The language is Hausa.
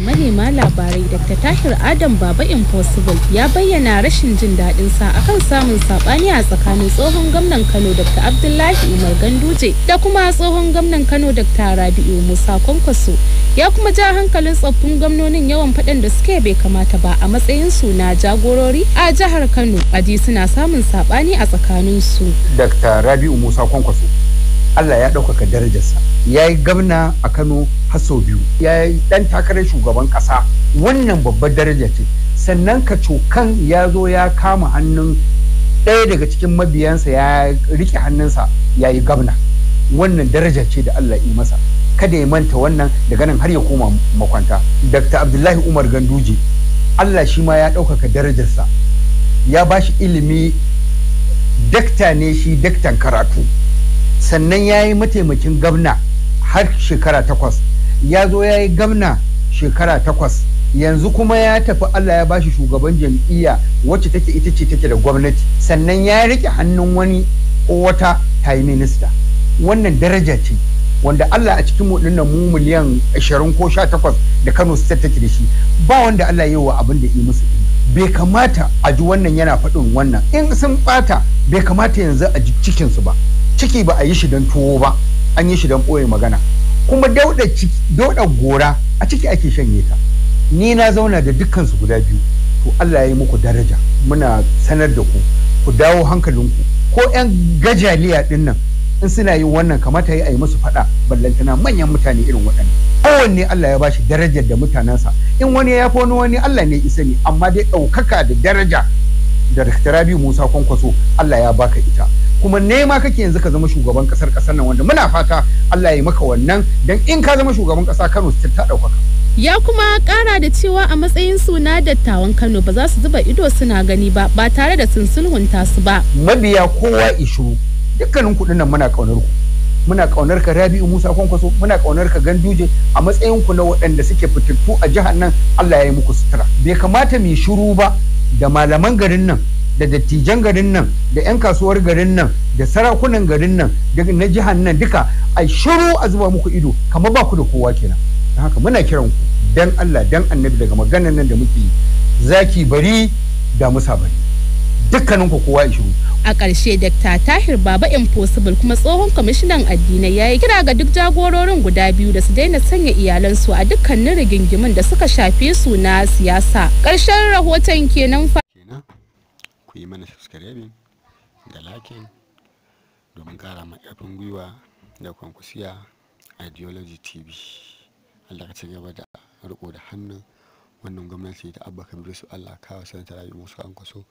manema labarai dr tahir adam baba impossible ya bayyana rashin jin daɗin sa akan samun saɓani a tsakanin tsohon gwamnan kano dr abdullahi umar ganduje da kuma tsohon gwamnan kano dr rabi'u musa kwankwaso ya kuma ja hankalin tsoffin gwamnonin yawan faɗan da suke bai kamata ba a matsayin su na jagorori a jihar kano aji suna samun saɓani a tsakanin su dr rabi'u musa kwankwaso Allah ya ɗaukaka darajarsa ya yi gamna a Kano haso biyu ya yi ɗan takarar shugaban ƙasa wannan babbar daraja ce sannan ka cokan ya zo ya kama hannun ɗaya daga cikin mabiyansa ya riƙe hannunsa ya yi gamna wannan daraja ce da Allah yi masa kada ya manta wannan daga nan har ya koma makwanta Dr. Abdullahi Umar Ganduje Allah shi ma ya ɗaukaka darajarsa ya ba shi ilimi dakta ne shi daktan karatu sannan ya yi mataimakin gamna har shekara takwas ya zo ya yi gamna shekara takwas yanzu kuma ya tafi Allah ya ba shi shugaban jam'iyya wacce take ita ce take da gwamnati sannan ya rike hannun wani ko wata tayi minista wannan daraja ce wanda Allah a cikin mu dinnan mu miliyan 20 ko 18 da Kano state take da shi ba wanda Allah yi wa abin da yi musu bai kamata a ji wannan yana faɗin wannan in sun bata bai kamata yanzu a ji cikin su ba ciki ba a yi shi don tuwo ba an yi shi don ɓoye magana kuma dauɗa gora a ciki ake shanye ta ni na zauna da dukkansu guda biyu to Allah ya yi muku daraja muna sanar da ku ku dawo hankalinku ko 'yan gajaliya ɗin nan in suna yi wannan kamata ya yi musu faɗa ballantana manyan mutane irin waɗanda kowanne Allah ya bashi darajar da mutanensa in wani ya fi wani wani Allah ne isa ne amma dai ɗaukaka da daraja da Rabi Musa Kwankwaso Allah ya baka ita kuma nema kake yanzu ka zama shugaban kasar kasar nan wanda muna fata Allah ya maka wannan dan in ka zama shugaban kasa Kano su ta ɗaukaka. Ya kuma ƙara da cewa a matsayin suna dattawan Kano ba za su zuba ido suna gani ba ba tare da sun sulhunta su ba. Mabiya kowa ishu dukkanin kuɗin nan muna ƙaunar ku. muna kaunar ka Rabi'u Musa Kwankwaso muna kaunar ka Ganduje a matsayin ku na waɗanda suke fitattu a jihar nan Allah ya yi muku sutura bai kamata mu shiru ba da malaman garin nan da dattijan garin nan da 'yan kasuwar garin nan da sarakunan garin nan da na jihar nan duka a shiru a zuba muku ido kamar ba ku da kowa kenan don haka muna kiran ku dan Allah dan annabi daga maganar nan da muke zaki bari da musa bari dukkanin ku kowa shiru a ƙarshe Dr. tahir baba impossible kuma tsohon kwamishinan addinai ya yi kira ga duk jagororin guda biyu da su daina sanya iyalansu a dukkanin rigingimin da suka shafe su na siyasa ƙarshen rahoton kenan ku yi mana subscribing da lakin domin kara ma ƙarfin gwiwa da kwankusiya ideology tv allah ka ci gaba da riko da hannun wannan gwamnati da abba kabiru su allah kawo sanata rayu musu an kwaso